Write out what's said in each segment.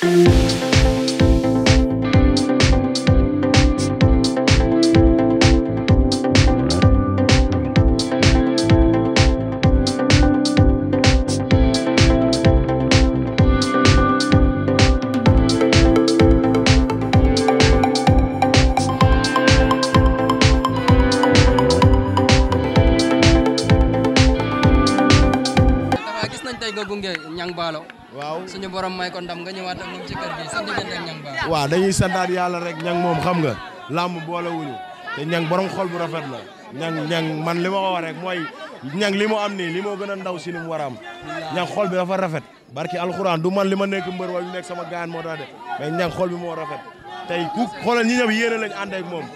thank you gunge Niang Ballo waaw suñu borom may ko ndam nga ñëwaat ak moom ci kër sa diggante ak Niang Ballo waaw dañuy santaat yàlla rek Niang moom xam nga làmb boole wuñu te Niang borom xol bu rafet la Niang Niang man li ma ko wax rek mooy Niang li mu am nii li moo gën a ndaw si ni mu war a am Niang xol bi dafa rafet barki alxuraan du man li ma nekk mbër wala nekk sama gaan moo tax de mais Niang xol bi moo rafet tey ku xoolal ñi ñëw yéen lañ ànd moom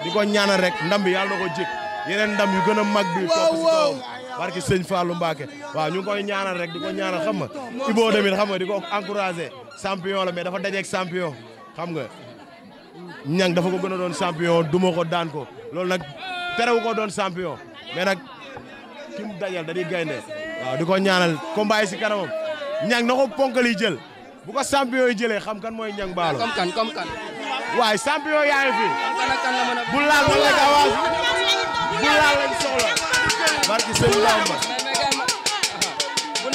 di ko ñaanal rek ndam bi yàlla na ko jik yeneen ndam yu gën a mag barki sëñ Fallou Mbacke waaw ñu ngi koy ñaanal rek di ko ñaanal xam nga Ibou tamit xam nga di ko encouragé champion la mais dafa dajeek champion xam nga ñang dafa ko gën a doon champion duma ko daan ko loolu nag terewu ko doon champion mais nag ki dajal da di gaynde waaw di ko ñaanal combat si kanamam ñang na ko ponkal yi jël bu ko champion yi jëlee xam kan mooy ñang baalo comme kan comme fi bu laal ma la gaaw bu laal lañ soxla barki Seydou bu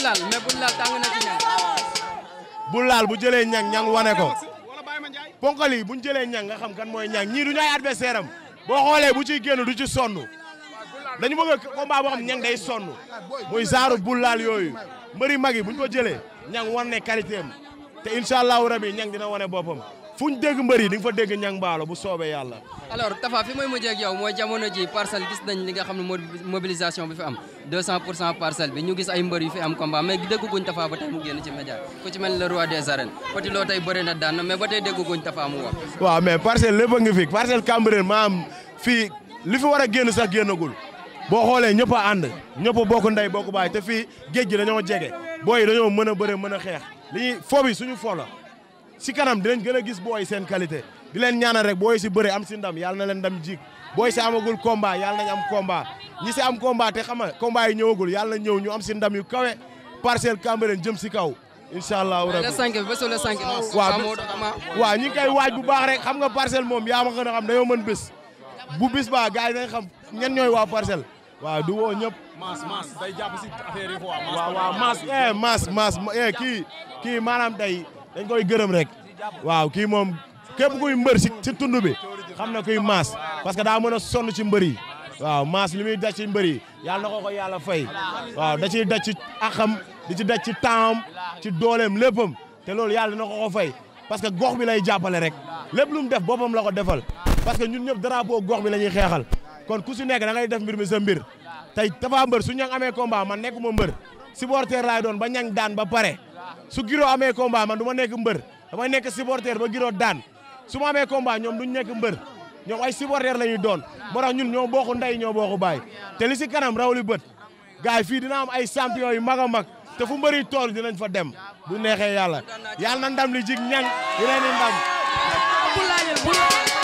laal mais bu laal tàng na ci bu laal bu jëlee ñang ñaŋ wane ko. ponkal bu ñu jëlee ñang nga xam kan mooy ñang ñii du ñu boo xoolee bu ciy génn du ci sonn. dañu bëgg a combat boo xam ñang day sonn muy genre bu laal yooyu mbëri mag yi bu ñu ko jëlee ñang wan ne qualité am te incha allahu rabi ñang dina wane boppam. fu ñu dégg mbëri di fa dégg ñang mbaalo bu soobee yàlla. alors Tafa fi may mujjee ak yow mooy jamono ji parcelle gis nañ li nga xam ne bi fi am 200 pour cent parcelle bi ñu gis ay mbër yu fi am combat mais dégguñ Tafa ba tey mu génn ci média ku ci mel le roi des arènes Petit Lo tey bëri na daan mais ba tey dégguñ Tafa mu wax. waaw mais parcelle lépp a ngi fi parcelle Cambérène maam fii li fi war a génn sax génnagul boo xoolee ñëpp a ànd a bokk a a xeex si kanam dinañ gën a gis booy seen qualité di leen ñaanal rek booy si bëre am si ndam yàlla na leen ndam jiig booy si amagul combat yàlla nañ am combat ñi si am combat te xam nga combat yi ñëwagul yàlla na ñëw ñu am si ndam yu kawe parcelle Cambérène jëm si kaw incha allah rabi le cinq bésu le cinq waaw waaw ñi ngi koy waaj bu baax rek xam nga parcelle moom yaa ma gën a xam dañoo mën bés bu bis ba gars yi dañ xam ñen ñooy waa parcelle waaw du woo ñëpp maas maas day jàpp si affaire yi quoi waaw waaw maas eh, eh, kii kii maanaam day dañ koy gërëm rek waaw kii moom képp kuy mbër si si tund bi xam na kuy maas parce que daa mën a sonn ci mbër yi waaw maas li muy daj ci mbër yi yàlla na ko ko yàlla fay waaw da ciy daj ci axam di ci daj ci tempsam ci doolem léppam te loolu yàlla na ko fay parce que gox bi lay jàppale rek lépp lu mu def boppam la ko defal parce que ñun ñëpp drapeau gox bi la ñuy xeexal kon ku si nekk da ngay def mbir mi sa mbir tey dafa mbër su ñang amee combat man nekkuma mbër supporter laay doon ba ñang daan ba pare su Giro amee combat man du ma nekk mbër damay nekk supporter ba Giro daan su ma amee combat ñoom duñ nekk mbër ñoom ay supporter la ñuy doon moo tax ñun ñoo bokku ndey ñoo bokku baay te li si kanam raw li bët gars yi fii dina am ay champion yu mag a mag te fu mbëri tool dinañ fa dem bu neexee yàlla yàlla na ndam li jig ñang yi leen di ndam